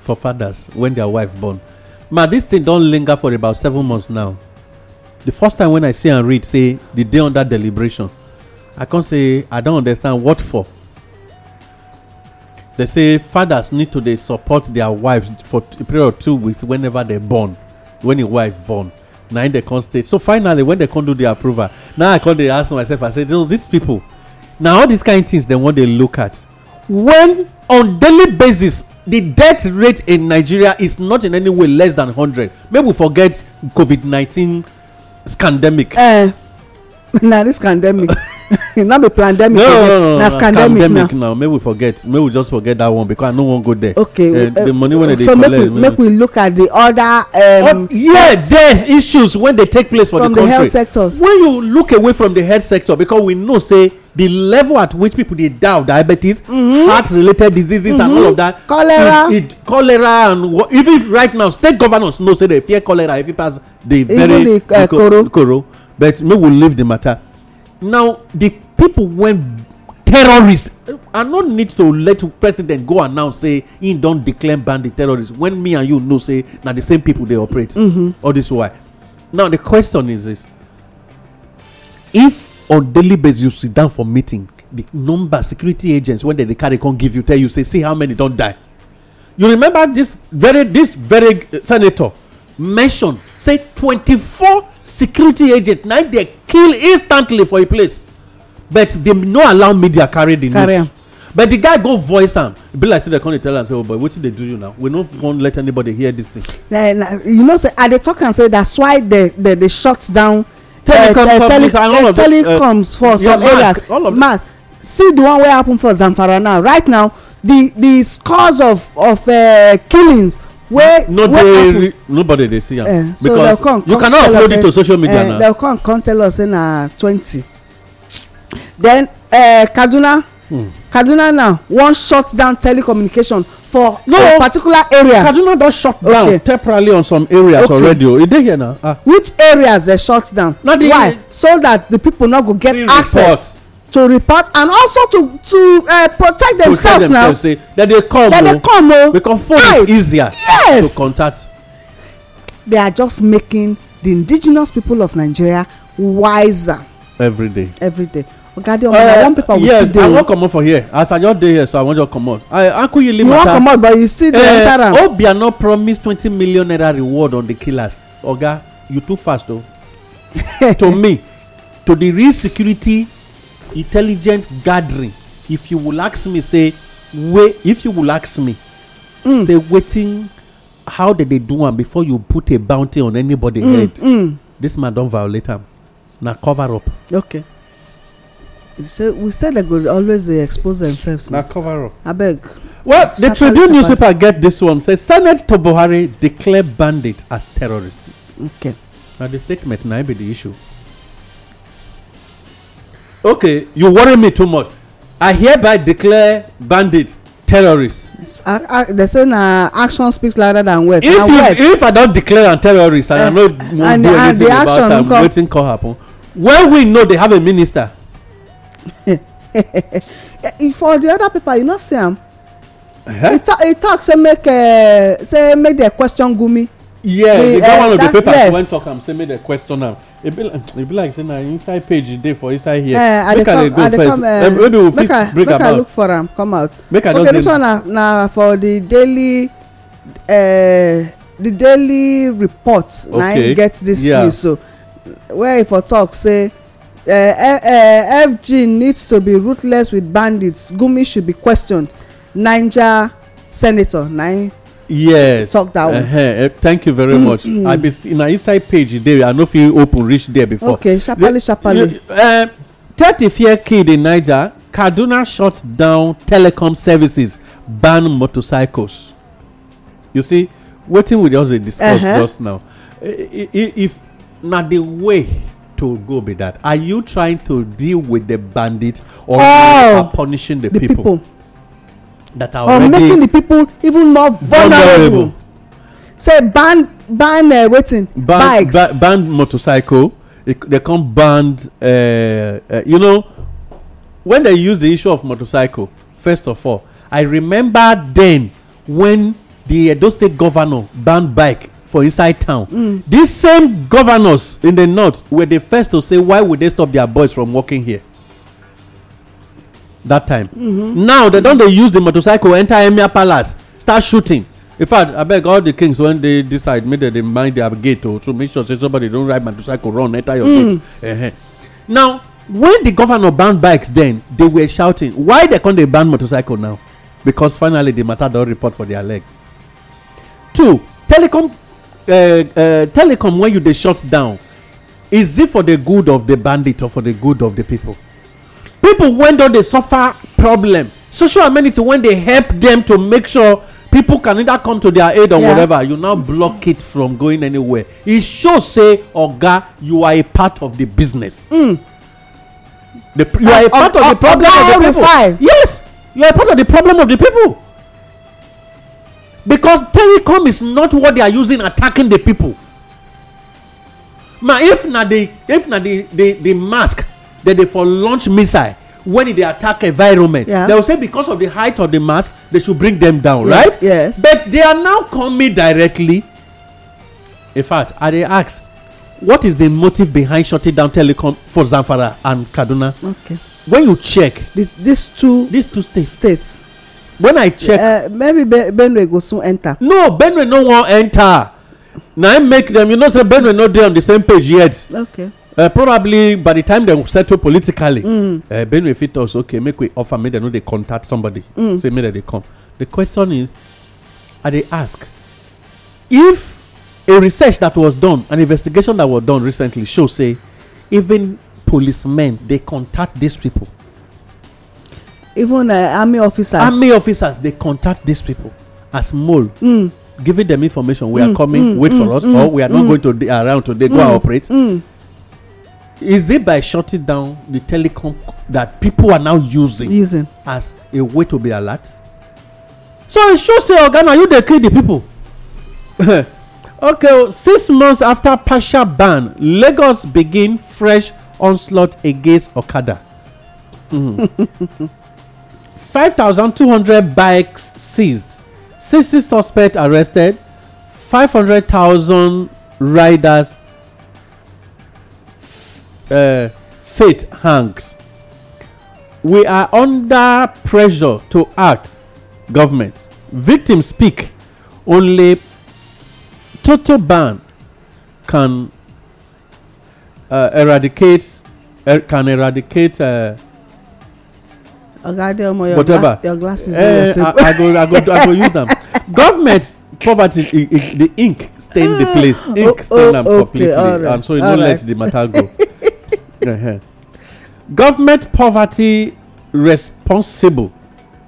for fathers when their wife born ma this thing don linger for about seven months now the first time when i see am read say the day under deliberation i come say i don understand what for they say fathers need to dey support their wives for a period of two weeks whenever they born when a wife born na im dey come stay so finally when they come do their approval now i come dey ask myself i say no these people na all these kind things dem wan dey look at when on daily basis the death rate in nigeria is not in any way less than hundred. make we forget covid nineteen, scandemic. Uh, na this pandemic not be pandemic no na scandemic now make we forget make we just forget that one because i no wan go there okay eh, eh, the money wey dem dey collect so make we look at the other oh, um yeah there issues wey dey take place for the country from the health sector when you look away from the health sector because we know say the level at which people dey die of diabetes mm-hmm. heart related diseases and mm-hmm. all of that cholera cholera and even right now state governors know say they fear cholera if e pass the very uh, koro but make we leave the matter now the people when terrorists i no need to let president go announce say he don declare ban the terrorists when me and you know say na the same people dey operate mm-hmm. all this why now the question is this if on daily basis you sit down for meeting the number security agents wey dem dey carry come give you tell you say see how many don die you remember this very this very uh, senator mention say twenty-four security agent na dey kill instantly for a place but dem no allow media carry the news but the guy go voice am be like say dem come dey tell am say oh boy wetin dey do you now we no wan let anybody hear this thing. you know say i dey talk am say that's why dey dey shut down telecoms for some areas mass see the one wey happen for zamfara now right now the the scores of of uh, killings wey no dey nobody dey see am eh, because you cannot upload it to social media eh, now dem come come tell us say na twenty then eh, kaduna hmm. kaduna now wan shut down telecommunication for no particular area kaduna don shut down Okay. temporarily on some areas already o oh. e dey here na ah. which areas dey shut down why so that the people no go get access to report and also to to uh, protect themselves, protect themselves now say that they come that they oh. come o oh. because phone I, is easier yes. to contact. they are just making the indigenous people of nigeria wiser. every day every day ogade omo na uh, one paper we yes, still dey. yes i wan comot for here as i just dey here so i wan just comot. ankuyili matter you wan comot but you still dey eh, enter am. obiano promise twenty million naira reward on the killers oga you too fast o. to me to the real security intelligent gathering if you will ask me say wey if you will ask me mm. say wetin how dey dey do am before you put a bounty on anybody mm, head mm. this man don violate am na cover up okay so we say dem go always dey uh, expose themselves na cover up abeg well the tribune newspaper get this one say senate to buhari declare bandits as terrorists okay na the statement na be the issue okay you worry me too much i hereby declare bandit terrorist. I, I, they say na action speaks louder than words. if words. if i don declare am terrorist eh, and uh, i no wan do anything about am wetin come happen when we know they have a minister. for the other paper you no see am. Eh? he talk he talk say make uh, say make they question gumi yeah the, um, the uh, one of the papers yes. went talk am say make dem question am e be like e be like say na inside page dey for inside here uh, make i dey go first come, uh, make we fit break am out make i look for am come out make i just okay this one na na for the daily uh, the daily report okay. na get this yeah. news so where e for talk say uh, uh, fg needs to be ruthless with bandits gumi should be questioned niger senator na im yes talk that uh-huh. thank you very much mm-hmm. i be see na inside page dey i no fit open reach there before okay sharparly sharparly eh, thirty-four kid in niger kaduna shut down telecom services ban motorcycles you see wetin we just dey discuss uh-huh. just now if na the way to go be that are you trying to deal with the bandit or oh, you are punishing the, the people. people that are or making the people even more vulnerable, vulnerable. say ban ban uh, wetin bikes ban ban motorcycle e, they come ban uh, uh, you know when they use the issue of motorcycle first of all i remember then when the edo state governor ban bike for inside town mm. these same governors in the north were the first to say why would they stop their boys from working here that time now dem don dey use di motorcycle enter emir palace start shooting in fact abeg all di kings wen dey decide make dem dey mind dia gate o to make sure say somebody don ride motorcycle run enter your hmm. gate -huh. now wen di governor ban bikes den dey were shouting why dem come dey ban motorcycle now because finally di matter don report for their leg two telecom eh, eh, telecom when you dey shut down is it for the good of the bandit or for the good of the people people wey don dey suffer problem social amenity wey dey help dem to make sure people can either come to their aid or yeah. whatever you now block it from going anywhere e show say oga you are a part of the business. Mm. The, you As are a part of, of the problem of the people five. yes you are a part of the problem of the people because telecom is not what they are using attacking the people ma if na the if na the the the mask dem dey for launch missile when e dey attack environment yeah. will say because of the height of the mask they should bring them down yes. right yes but they are now coming directly in fact i dey ask what is the motive behind shutting down telecom for zamfara and kaduna okay when you check these two these two states states when i check uh, maybe benue go soon enter no benue no wan enter na im make dem you know say benue no dey on the same page yet okay Uh, probably by the time dem settle politically mm. uh, benue fit also okay make we offer make dem no dey contact somebody mm. say make dem dey come the question is i dey ask if a research that was done an investigation that was done recently show say even policemen dey contact these people. even uh, army officers army officers dey contact these people as mole mm. giving them information we are coming wait for us or we are not going to around today go operate is it by shutting down the telecom that people are now using, using. as a way to be alert so e show say oga oh, na you dey kill the people okay oh, six months after partial ban lagos begin fresh onslaught against okada Five thousand two hundred bikes seized Sixty suspects arrested Five hundred thousand riders Uh, faith hangs. We are under pressure to act, government. Victims speak. Only total ban can uh, eradicate er, can eradicate uh, Ogadeomo, whatever. Your glasses. Uh, I, I, go, I, go, I go use them. Government poverty, it, it, the ink stain the place. Ah, ink oh, stain oh, them okay, completely. Right, um, so you don't right. let the matter go. Uh-huh. Government poverty responsible.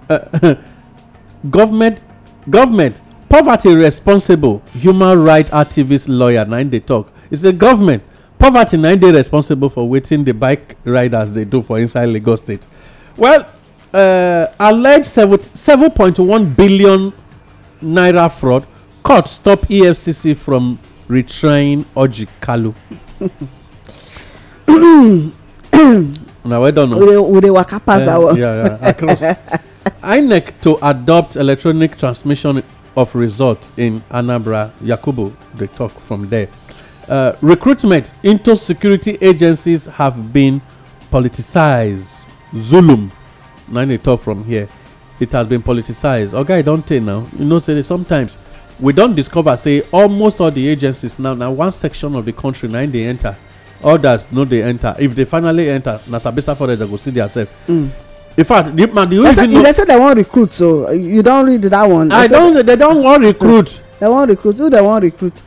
Uh, government government poverty responsible human rights activist lawyer nine dey talk e say government poverty nine dey responsible for wetin the bike riders dey do for inside lagos state well uh, alleged seven point one billion naira fraud court stop efcc from retrying orji kalu Now well done. We dey waka pass that eh, one. Yeah, yeah. Across. Ah, INEC to adopt electronic transmission of result in Anambra. Yakubu they talk from there. Uh, recruitment into security agencies have been politicized. Zulum. Now they talk from here. It has been politicized. Okay, don't take now. You know, say sometimes we don't discover say almost all the agencies now now one section of the country now they enter others no dey enter if they finally enter na sabisa forest dem go see theirself. Mm. in fact the man the only thing. you dey say dem wan recruit so you don read that one. i don they don wan recruit. They wan recruit who they wan recruit.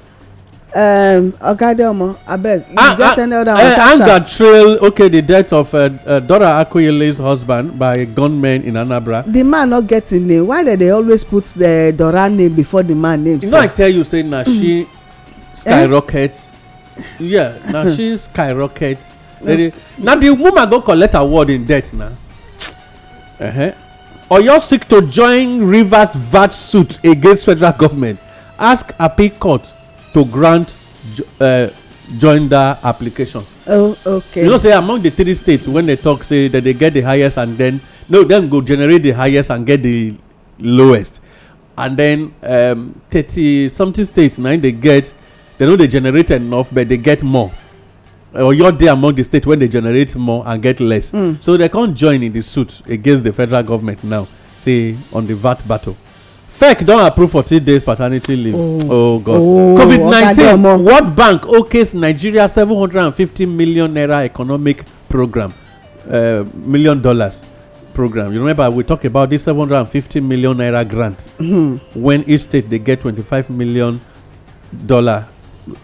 um, ogadeomo abeg you ah, get ah, any other one. Uh, anger trail okay the death of uh, uh, dora akuyele's husband by gunmen in anambra. the man no get him name why dey dey always put the dora name before the man name. you know i tell you say na she mm. skyrocket. Eh? yeah na she skyrocket na the woman go collect award in debt na oyo seek to join rivers vat suit against federal government ask appeal court to grant joinder eh, application oh okay. you know say among the three states when they talk say that they get the highest and then no dem go generate the highest and get the lowest and then um, thirty something states na dey get they know they generate enough but they get more Or oyo dey among the state when they generate more and get less hmm. so they can't join in the suit against the federal government now say on the vat battle fec don approve 14 days paternity leave oh, oh god covid-19 world bank okays nigeria 750 million naira economic program eh, million dollars program you remember we talk about this 750 million naira grant hmm. when each state dey get 25 million dollar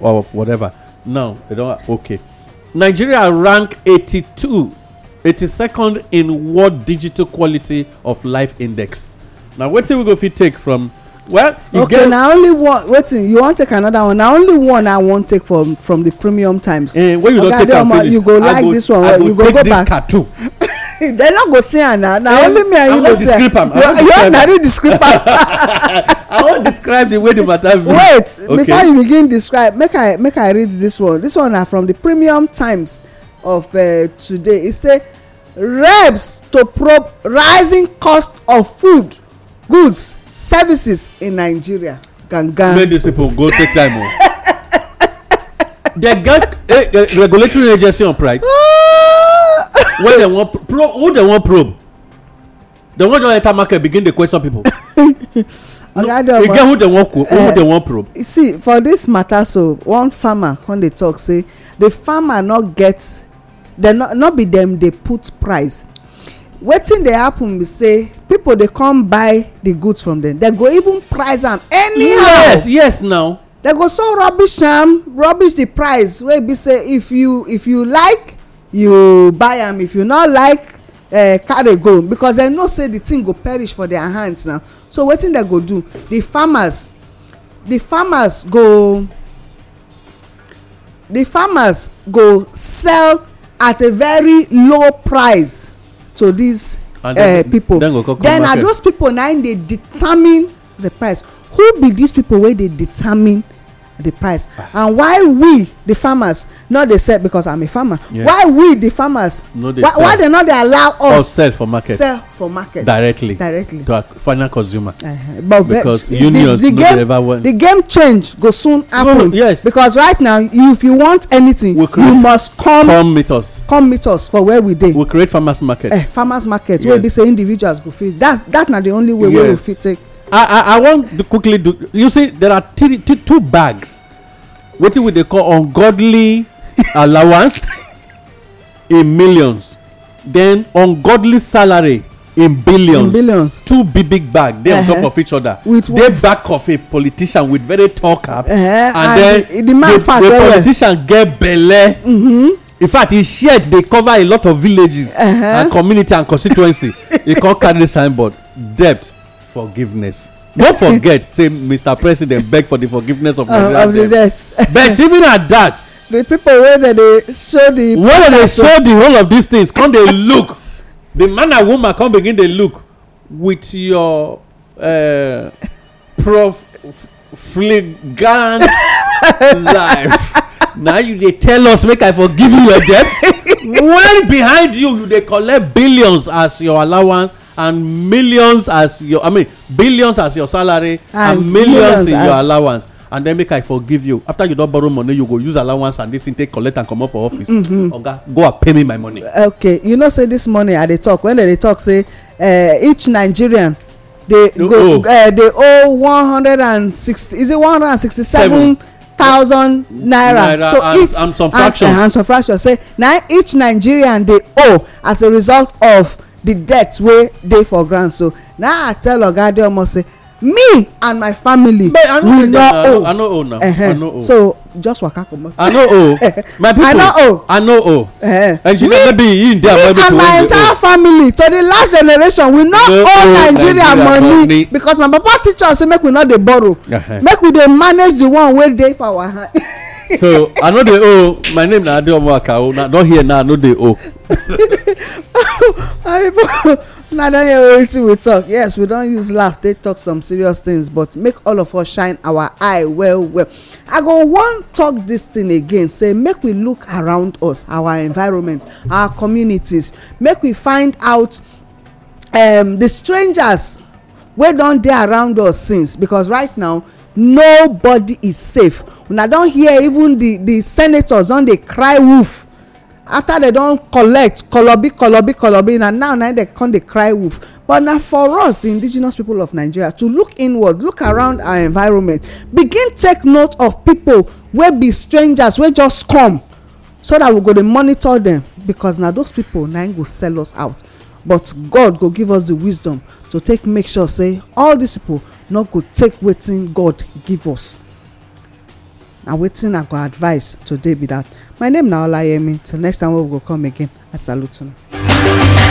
of whatever now they don't okay nigeria rank 82 82nd in world digital quality of life index now wetin we go fit take from well you okay, get na only one wetin you want take another one Now only one i wan take from from the premium times eh wey you don't take am finish you go like this one well you go go back i go take this cartoon They no go see am na na only me and you go see am you wan na read describer. i wan describe the way the matter be. wait okay. before you begin describe make i make i read this one this one na from the premium times of uh, today e say reps to probe rising cost of food goods services in nigeria gangan. make these people go take time o. Oh. they get a, eh, a eh, regulatory agency on price. Oh! when dem wan probe who they want probe dem wan just enter market begin dey question people oga adeoma get who dem wan who dem eh, wan probe. see for this matter so one farmer when they talk say the farmer no get not not be them. They put price wetin dey happen be say people dey come buy the goods from dem dem go even price am anyhow yes yes now dem go so rubbish am rubbish the price wey be say if you if you like you buy am if you not like eh, carry go because dem know say the thing go perish for their hands now so wetin dem go do the farmers the farmers go the farmers go sell at a very low price to these eh, people then na those people na im dey determine the price who be these people wey dey determine the price ah. and why we the farmers not dey sell because i'm a farmer why we the farmers why they not dey allow us sell for market sell for market directly directly to our final consumer uh-huh. but because unions no dey ever want the game change go soon happen yes because right now if you want anything you must come come meet us come meet us for where we dey we create farmers market eh, farmers market wey be say individuals go fit that na the only way wey we fit take i i i to quickly do you see there are three two bags wetin we dey call ungodly allowance in millions then ungodly salary in billions in billions two big big bag dey on top uh-huh. of each other dey back of a politician with very tall cap uh-huh. and then the politician get belle mm-hmm. in fact he shared. They cover a lot of villages uh-huh. and community and constituency e called carry the signboard debt forgiveness no forget say mr president beg for the forgiveness of nigeria debt but even at that, the people wey dem dey show di wey dey show di whole of these things come dey look the man and woman come begin dey look with your uh, prof flagrant life Now you dey tell us make i forgive you your debt when behind you you dey collect billions as your allowance and millions as your i mean billions as your salary and, and millions in your allowance and then make i forgive you after you don borrow money you go use allowance and this thing take collect and comot for office mm-hmm. oga go and pay me my money okay you know say this morning i dey talk when i dey talk say eh, each nigerian dey go dey oh. eh, owe one hundred and sixty is it one hundred and sixty-seven thousand naira so each and some fraction say na each nigerian dey owe as a result of the debt wey dey for ground so na i tell oga adeomo say me and my family we no owe I I owe owe. so just waka comot i no owe my people i no owe I and you know be in there me and my entire family to the last generation we no owe nigeria money because my papa teach us say make we no dey borrow make we dey manage the one wey dey for our hand so i no dey owe oh, my name na adeomo akawo oh, na don hear now i no dey owe. my people na don wetin we talk yes we don use laugh take talk some serious things but make all of us shine our eye well well i go wan talk this thing again say make we look around us our environment our communities make we find out um, the strangers wey don dey around us since because right now nobody is safe una don hear even the the senators don dey cry wolf after dem don collect kolobi kolobi kolobi na now na dem come dey cry wolf but na for us the indigenous people of nigeria to look inward look around our environment begin take note of people wey be strangers wey just come so that we go dey monitor them because na those people na go sell us out but god go give us the wisdom to take make sure say all dis pipo no go take wetin god give us na wetin i go advise today be that. my name na olayemi till next time we go come again i salute you